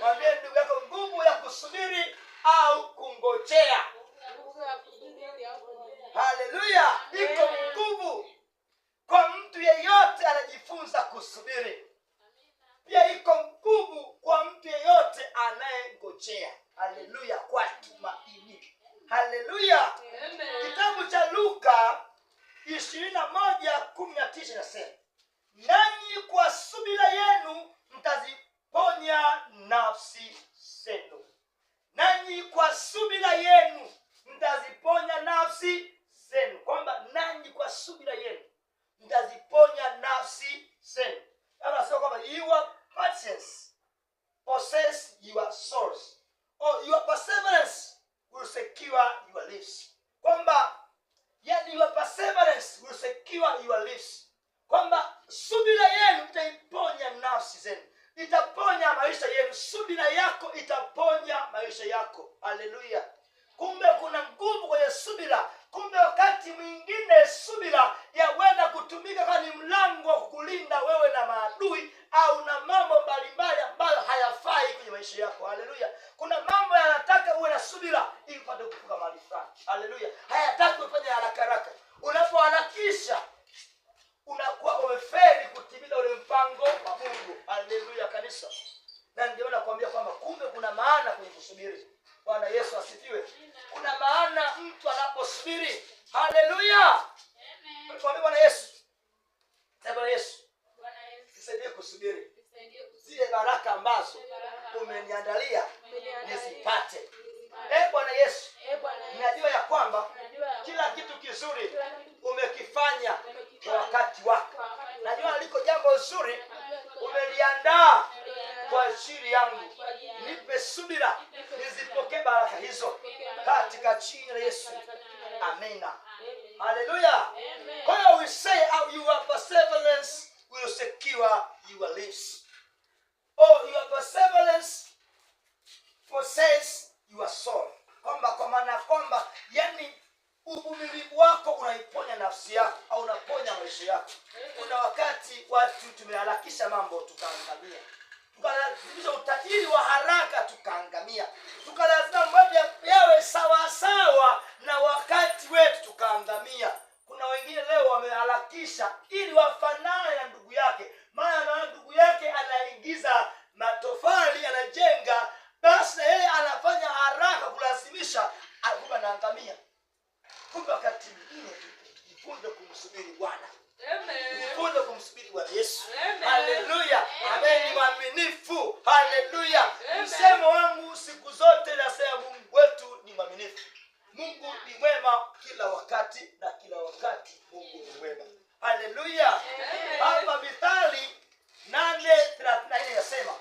mwambie ndugu yako nguvu ya kusubiri au kungojea haleluya iko nguvu kwa mtu yeyote anajifunza kusubiri pia iko nguvu kwa mtu yeyote anayengojea haleluya kwa tumaini haleluya kitabu cha luka ishirini na moja kumi na tisa inasema nanyi kwa subira yenu mtazi ponya nafsi zenu, nanyi kwa subira yenu mtaziponya nafsi zenu, kwamba nanyi kwa subira yenu mtaziponya nafsi zenu. Anasema kwamba your patience possess your souls or your perseverance will secure your lives, kwamba yani your perseverance will secure your lives, kwamba subira yenu mtaiponya nafsi zenu itaponya maisha yenu. Sudina yako itaponya maisha yako. Haleluya! Kumbe kuna nguvu kwenye subira. Kumbe wakati mwingine subira yawenda kutumika kama ni mlango wa kukulinda wewe na maadui au na mambo mbalimbali ambayo hayafai kwenye maisha yako. Haleluya! Kuna mambo yanataka uwe na subira ili upate kufika mahali fulani. Haleluya! hayataki kufanya haraka haraka. Unapoharakisha unakuwa umeferi kulinda ule mpango wa Mungu. Haleluya kanisa. Na ndio nakwambia kwamba kumbe kuna maana kwenye kusubiri. Bwana Yesu asifiwe. Kuna maana mtu anaposubiri. Haleluya. Amen. Kwa Bwana Yesu. Bwana Yesu. Bwana Yesu. Tusaidie kusubiri. Zile baraka ambazo umeniandalia nizipate. Eh, eh, Bwana Yesu. Najua ya kwamba kila kitu kizuri umekifanya kwa wakati wako najua aliko jambo zuri umeliandaa kwa ajili yangu. Nipe subira nizipokee baraka hizo katika jina la Yesu, amina. Haleluya! Oh, oh, kwamba kwa maana kwamba yani uvumilivu wako unaiponya nafsi yako au unaponya maisha yako kuna wakati watu tumeharakisha mambo tukaangamia tukalazimisha utajiri wa haraka tukaangamia tukalazima mambo yawe sawasawa na wakati wetu tukaangamia kuna wengine leo wameharakisha ili wafanane na ndugu yake maana anaona ndugu yake anaingiza matofali anajenga basi na yeye anafanya haraka kulazimisha anaangamia Kumbe wakati mwingine tujifunze kumsubiri Bwana, tujifunze kumsubiri Bwana Yesu. Haleluya, ambaye ni mwaminifu. Haleluya, msemo wangu siku zote nasema Mungu wetu ni mwaminifu. Mungu ni mwema kila wakati na kila wakati Mungu ni mwema. Haleluya, hapa Mithali nane thelathini na nne yasema,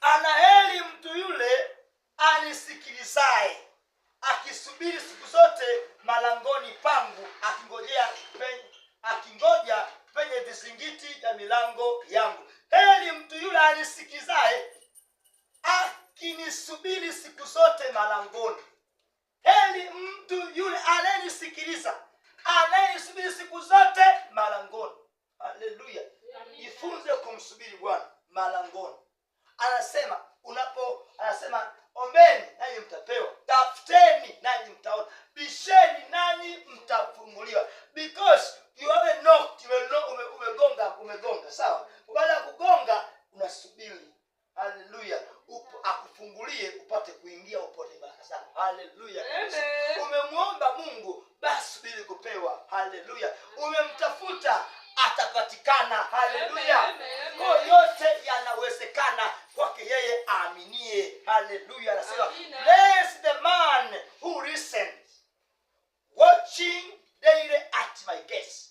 anaheri mtu yule anisikilizaye akisubiri siku zote malangoni pangu, akingojea penye, akingoja penye vizingiti vya milango yangu. Heri mtu yule anisikizaye akinisubiri siku zote malangoni. Heri mtu yule anayenisikiliza anayenisubiri siku zote malangoni. Haleluya! Jifunze kumsubiri Bwana malangoni. Anasema unapo, anasema Ombeni nanyi mtapewa, tafuteni nanyi mtaona, bisheni nanyi mtafunguliwa, because you have knocked, umegonga, umegonga. Sawa, baada ya kugonga unasubiri Haleluya, akufungulie upate kuingia upate Haleluya, umemwomba Mungu basi subiri kupewa. Haleluya, umemtafuta atapatikana. Haleluya, kwa yote yanawezekana kwake yeye aaminie. Haleluya, anasema bless the man who listens watching daily at my gates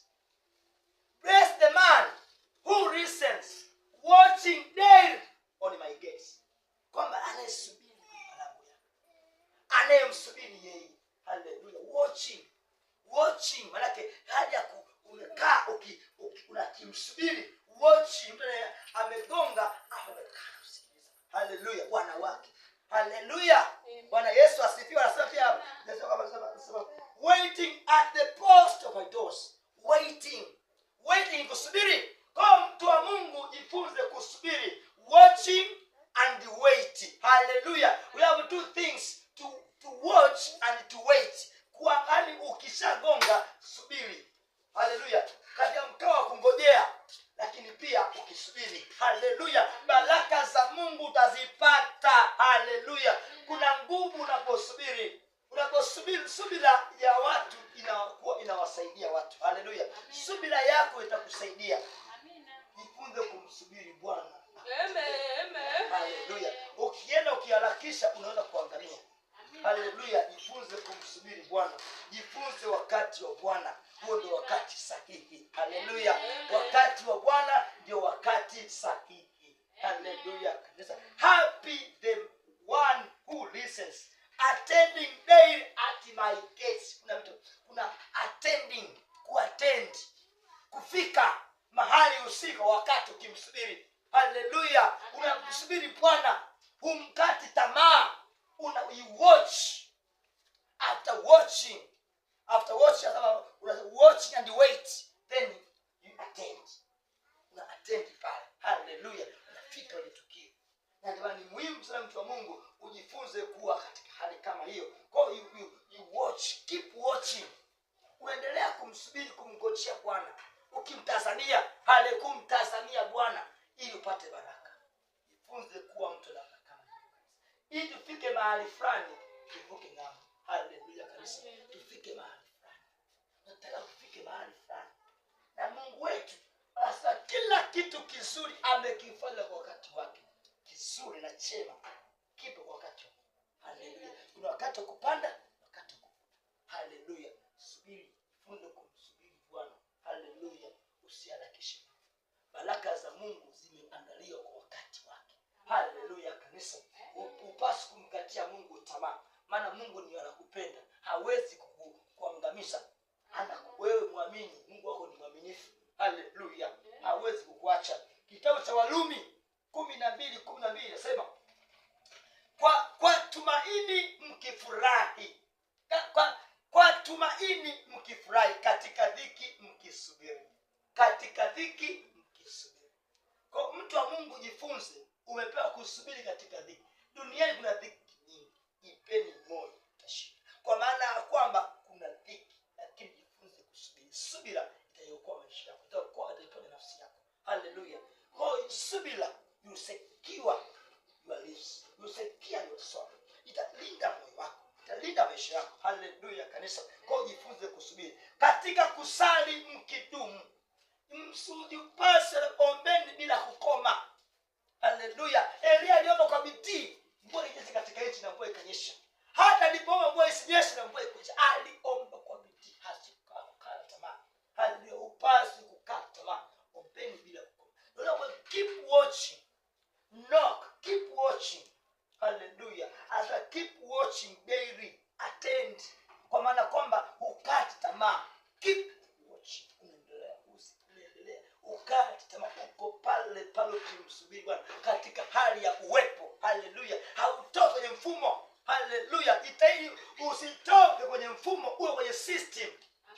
hata haleluya kuna nguvu unaposubiri unaposubiri subira ya watu inakuwa inawasaidia watu haleluya subira yako itakusaidia jifunze kusubiri katika kusali mkidumu msijipase ombeni bila kukoma haleluya elia aliomba kwa bidii mvua inyeshe katika nchi na mvua ikanyesha hata alipoomba mvua isinyeshe na mvua ikunyesha aliomba kwa bidii hasikukaa tamaa haleluya upasi kukata tamaa ombeni bila kukoma keep watching knock keep watching haleluya as a keep watching daily attend kwa maana kwamba ukati tamaa ukati tamaa, uko pale pale ukimsubiri Bwana katika hali ya uwepo. Haleluya, kwenye mfumo. Haleluya, usitoke kwenye mfumo, uwe kwenye system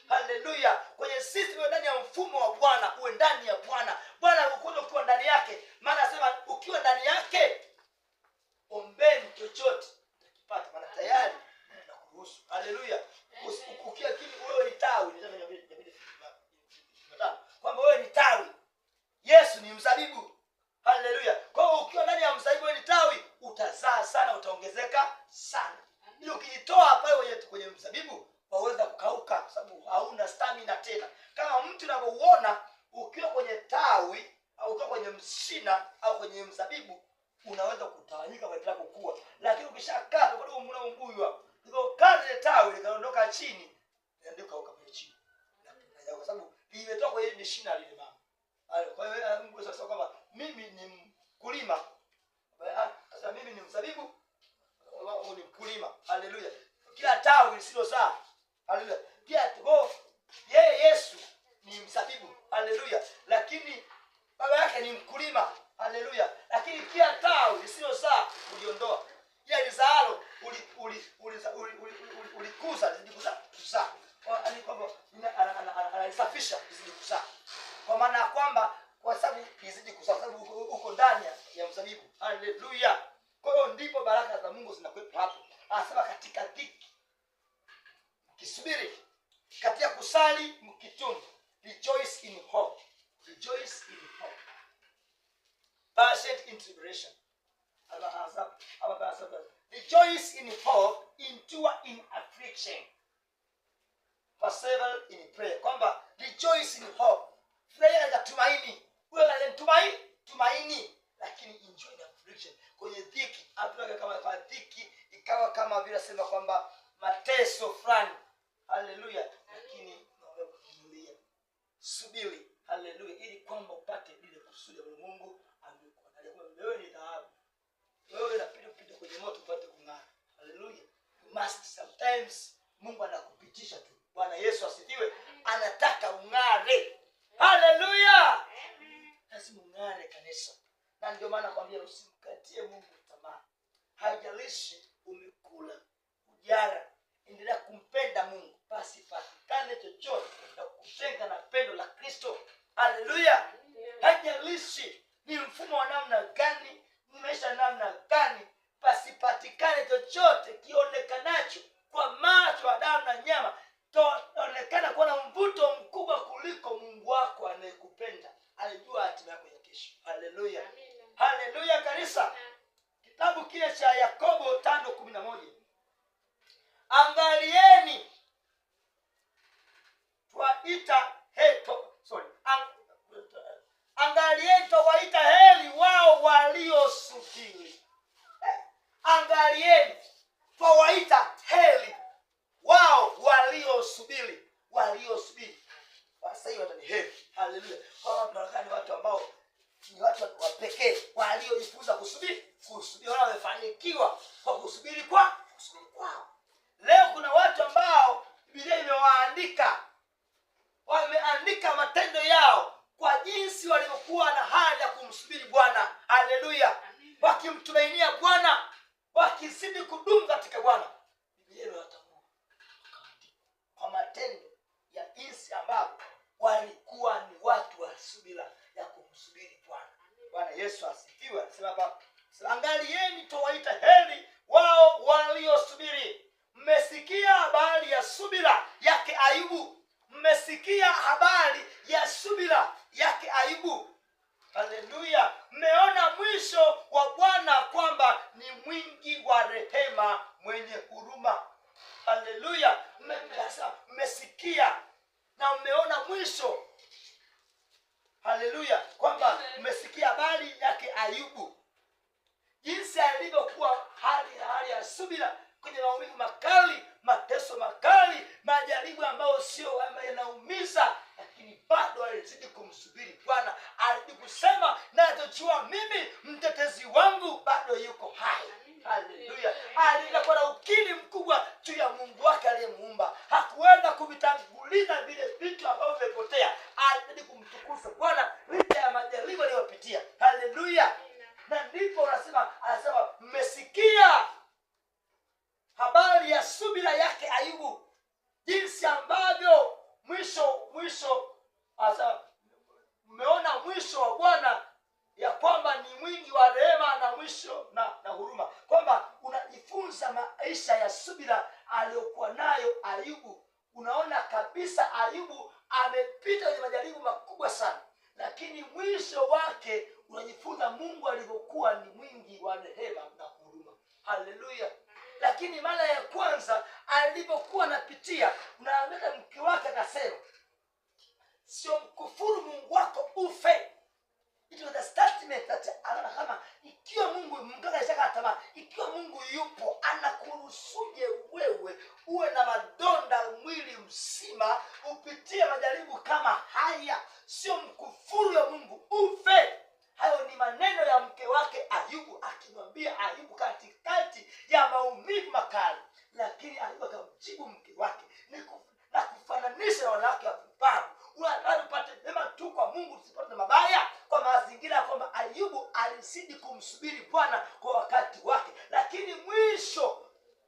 Haleluya, kwenye system ndani ya mfumo wa Bwana, uwe ndani ya Bwana. Bwana ukuja ukiwa ndani yake, maana asema ukiwa anasema kwamba mateso fulani utaonekana kuwa na mvuto mkubwa kuliko Mungu wako anayekupenda alijua hatima yako ya kesho. Haleluya, haleluya kanisa. Kitabu kile cha Yakobo tano kumi na moja bwana majaribu ambayo sio yanaumiza, lakini bado alizidi kumsubiri Bwana. Alizidi kusema, mimi mtetezi wangu bado yuko hai. mungu alivyokuwa ni mwingi wa rehema na huruma haleluya lakini mara ya kwanza alivyokuwa napitia naameka mke wake akasema sio mkufuru mungu wako ufe kama ikiwa mungu mtoto ikiwa mungu yupo anakurusuje wewe uwe na madonda mwili mzima upitie majaribu kama haya sio mkufuru ya mungu ufe hayo ni maneno ya mke wake ayubu akimwambia ayubu katikati ya maumivu makali lakini ayubu akamjibu mke wake na kufananisha wanawake wapumbavu unataka tupate mema tu kwa mungu tusipate mabaya kwa mazingira ya kwamba ayubu alizidi kumsubiri bwana kwa wakati wake lakini mwisho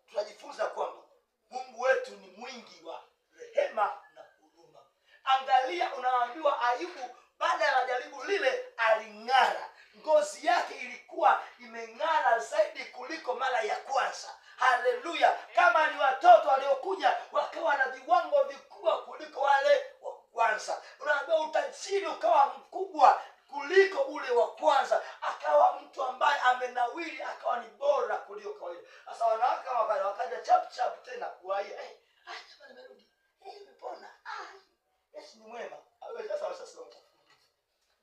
tunajifunza kwamba mungu wetu ni mwingi wa rehema na huruma angalia unaambiwa ayubu baada ya jaribu lile aling'ara ngozi yake ilikuwa imeng'ara zaidi kuliko mara ya kwanza haleluya kama ni watoto waliokuja wakawa na viwango vikubwa kuliko wale wa kwanza unaambia utajiri ukawa mkubwa kuliko ule wa kwanza akawa mtu ambaye amenawili akawa ni bora kuliko kawaida sasa wanawake wakaja chap chap tena kuwaia hey, eh, ah, nimerudi hey, eh, pona ah, yesu ni mwema sasa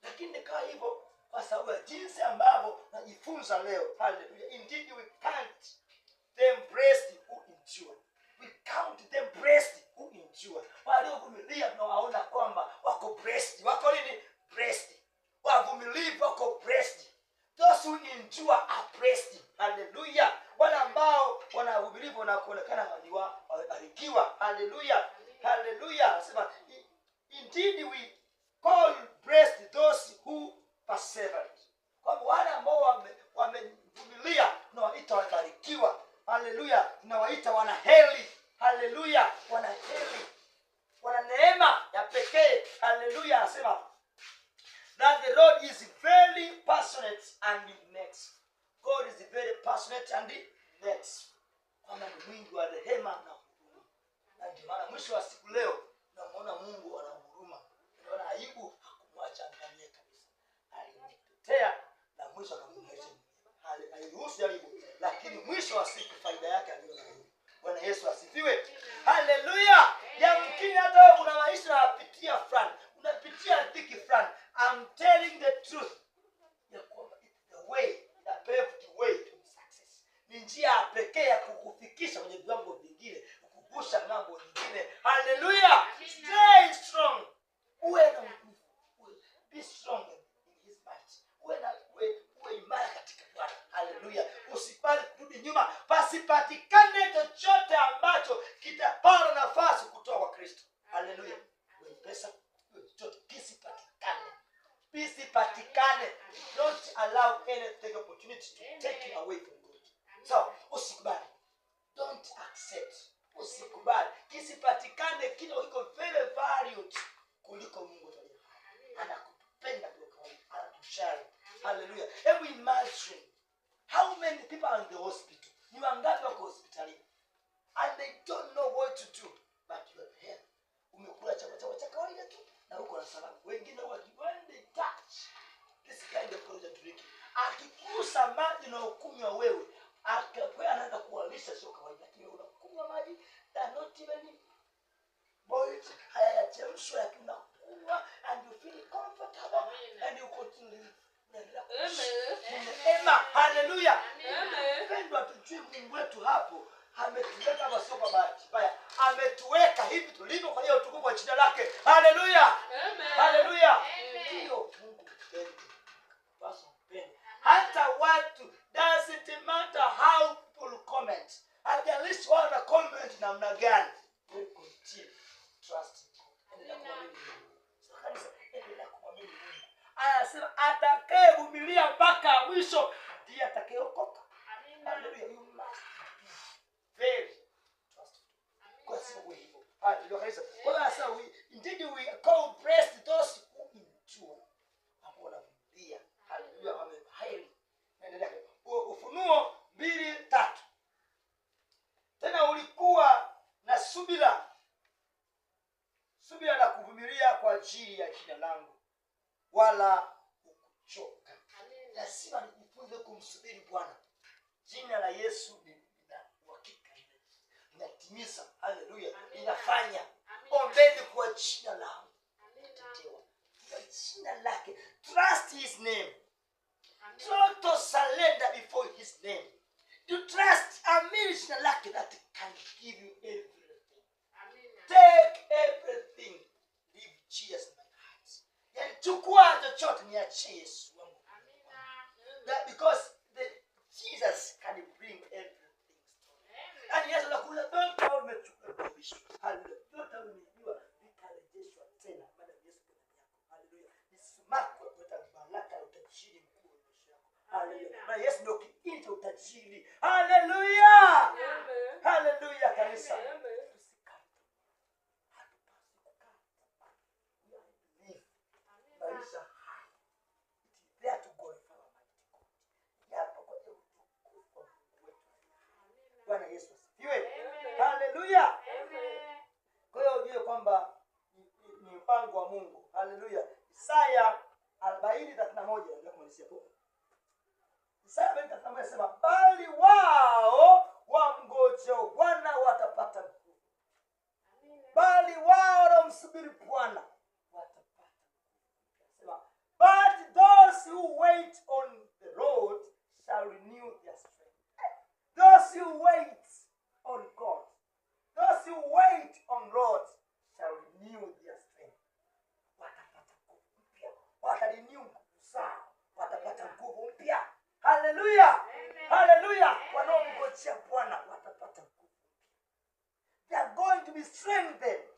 lakini nikawa hivyo kwa sababu ya jinsi ambavyo najifunza leo haleluya indeed we count them blessed who endure we count them blessed who endure waliovumilia tunawaona kwamba wako blessed wako nini blessed wavumilivu wako blessed those who endure are blessed haleluya wale ambao wanavumilivu na kuonekana waliwa wamebarikiwa haleluya haleluya sema indeed we God blessed those who persevered. Kwa wale ambao wamevumilia wame tunawaita wamebarikiwa. Haleluya, tunawaita wanaheri. Haleluya, wanaheri, wana neema ya pekee. Haleluya, anasema that the Lord is very passionate and next. God is very passionate and next. Kwamba ni mwingi wa rehema na huruma, na ndio maana mwisho wa siku leo namwona Mungu ana aibu, hakumwacha angamie kabisa. Alimtetea na mwisho akamwacha. Aliruhusu jaribu, lakini mwisho wa siku faida yake aliona. Bwana Yesu asifiwe. Haleluya. Hallelujah. Every imagine how many people are in the hospital. You Ni that local hospital, And they don't know what to do. But you are here. Umekula chakula chako cha kawaida tu na uko na salama. Wengine when they touch this kind of cordial drinking, akikusa maji na ukunywa wewe, akakwea anaanza kuwalisha sio kawaida, lakini unakunywa maji are not even boiled, hayachemshwa, lakini unakunywa and you feel comfortable and you continue Neema, haleluya. Pendwa, tujui Mungu wetu hapo ametuweka hapa, kwa bahati mbaya, ametuweka hivi tulivyo kwa hiyo utukufu wa jina lake. Haleluya, haleluya. Ndio Mungu mpendwa, basi mpende hata watu, doesn't matter how people comment, at least wao na comment namna gani, we continue God, endelea kumwamini Mungu. Sasa kanisa anasema atakayevumilia mpaka mwisho ndiye atakayeokoka. Ufunuo mbili tatu. Tena ulikuwa na subira, subira na kuvumilia kwa ajili ya jina langu wala hukuchoka. Lazima nikufunze kumsubiri Bwana. Jina la Yesu lina uhakika, linatimiza. Haleluya, linafanya. Ombeni kwa jina lao, kwa jina lake. Trust his name, try to before his name. You trust, amini jina lake that can give you everything. Take everything, leave Jesus yalichukua chochote ni achie Yesu wangu that because the, Jesus can bring everything and Yesu anakuza vyote au umechukuliwa haleluya vyote umeibiwa vikarejeshwa tena baada ya Yesu kwa yako haleluya nisimame kuleta baraka utajiri mkuu wa maisha yako haleluya na Yesu ndio kiini utajiri haleluya haleluya kanisa Amen. Haleluya! Kwa hiyo ujue kwamba ni mpango wa Mungu. Haleluya! Isaya arobaini thelathini na moja anasema bali wao wamngojao Bwana watapata nguvu, bali wao wanaomsubiri Bwana watapata nguvu. But those who wait on the Lord shall renew their strength. Those who wait those who wait on Lord shall renew their strength. Watapata nguvu mpya, watarenew nguvu zao, watapata nguvu mpya. Haleluya, haleluya! Wanaomgojea Bwana watapata nguvu they are going to be strengthened.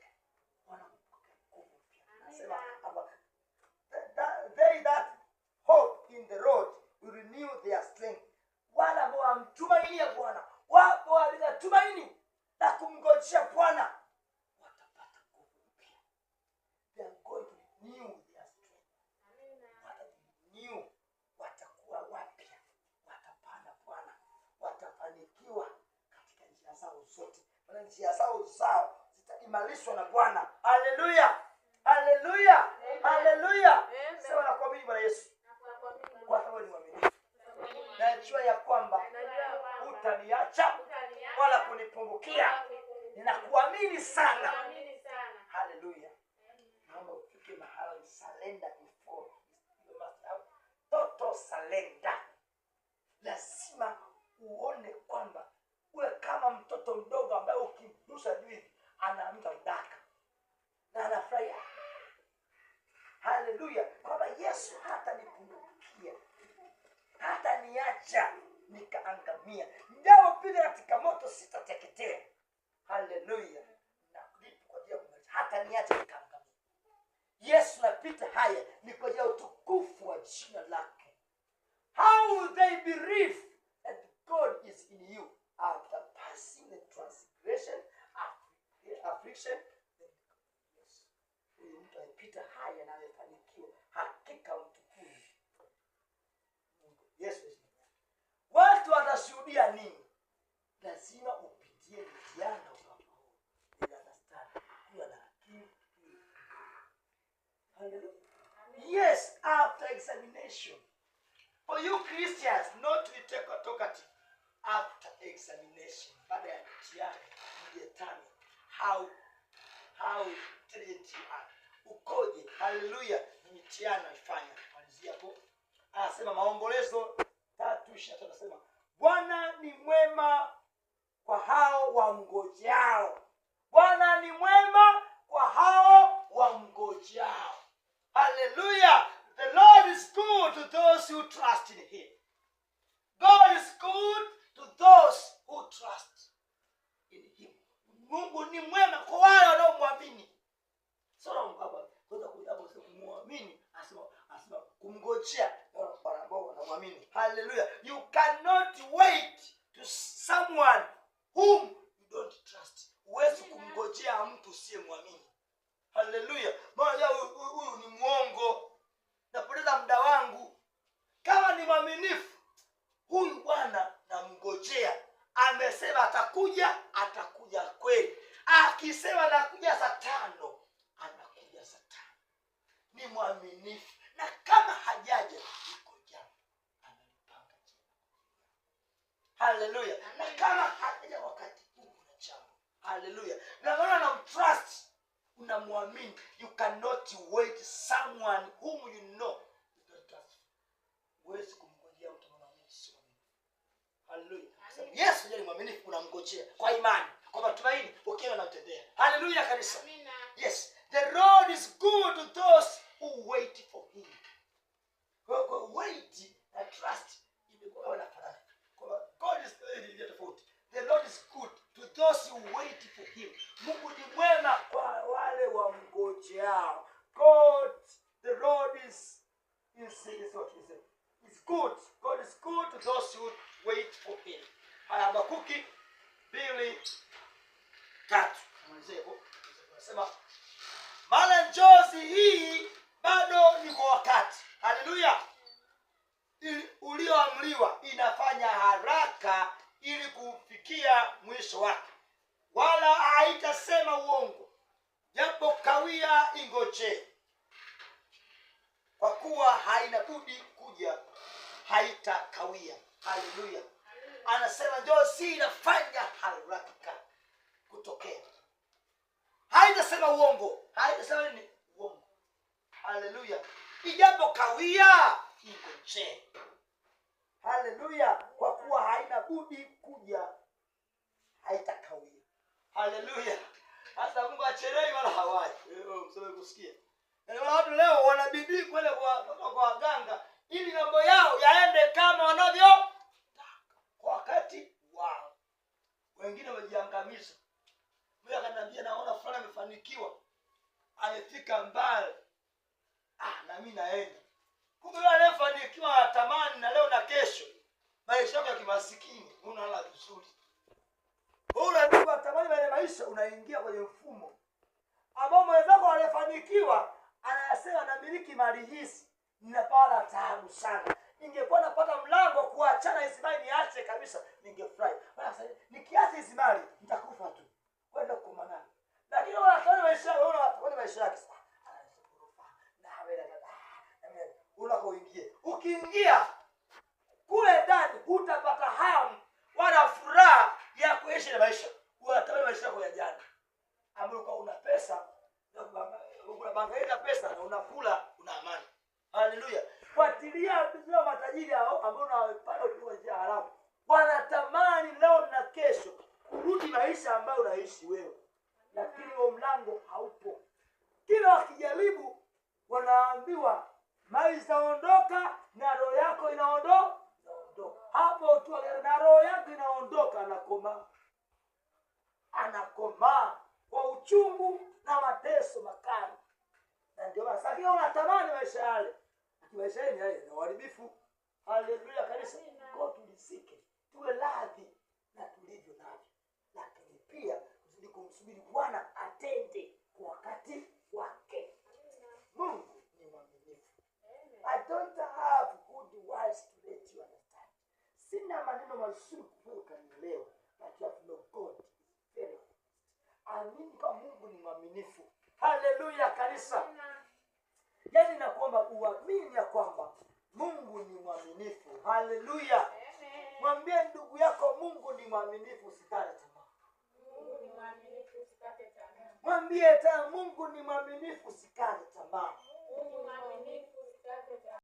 Wanapata nguvu mpya, nasema they that For you Christians, not to take authority after examination, baada ya mtihani mjetani, how how did you act? Ukoje? Haleluya, ni mtihani ifanya malizia hapo. Anasema maombolezo tatu ishirini na tatu anasema Bwana ni mwema kwa hao wa wamngojao. Bwana ni mwema kwa hao wa wamngojao. Haleluya! The Lord is good to those who trust in him. God is good to those who trust in him. Mungu ni mwema kwa wale wanaomwamini. Solomon hapa kuweza kujabu kumwamini asema asema kumgojea wale ambao wanamwamini. Hallelujah. You cannot wait to someone whom you don't trust. Huwezi kumgojea mtu usiyemwamini. Hallelujah. haitasema uongo, haitasema ni uongo. Haleluya! ijapo kawia ingojee. Haleluya! kwa kuwa haina budi kuja, haitakawia. Haleluya! hata Mungu acherei wala hawaji. Mseme kusikia yaani watu leo wanabidii kwenda kwa waganga ili mambo yao yaende kama wanavyo kwa wakati wao, wengine wajiangamiza mimi akaniambia naona fulani amefanikiwa, amefika mbali, ah, na mi naenda. Kumbe yule anayefanikiwa anatamani na leo na kesho, maisha yako ya kimasikini, unalala vizuri. Ule anatamani ile maisha, unaingia kwenye mfumo ambao mwenzako aliyefanikiwa anasema namiliki mali hizi, ninapata taabu sana ningekuwa napata mlango kuachana hizi mali niache kabisa, ningefurahi. Nikiacha hizi mali nitakufa tu maisha wewe unaona maisha yake ah, unakoingia. Ah, Ukiingia kule ndani hutapata hamu wala furaha ya kuishi na maisha. Unatamani maisha yako ya jana. Ambapo kwa una pesa unabangaika pesa na unakula una amani. Haleluya. Fuatilia vizuri matajiri hao ambao unawapata ukiwa njia haramu. Wanatamani leo na kesho kurudi maisha ambayo unaishi wewe lakini huo mlango haupo. Kila wakijaribu wanaambiwa mali zaondoka na roho yako inaondoka. Hapo tu na roho yako inaondoka, anakomaa, anakomaa kwa uchungu na mateso makali. Na ndio basi, sasa unatamani maisha yale, maisha yale ni uharibifu. Haleluya kanisa, kwa tulisike tuwe radhi na tulivyo navyo, lakini pia kumsubiri Bwana atende kwa wakati wake. Mungu ni mwaminifu. I don't have good words to let you understand. Sina maneno mazuri kukanielewa, but you know God is very amini kwa Mungu ni mwaminifu. Haleluya kanisa. Yaani nakuomba uamini ya kwamba Mungu ni mwaminifu. Haleluya. Mwambie ndugu yako Mungu ni mwaminifu, usikate mwambie ta Mungu ni mwaminifu, sikate tamaa.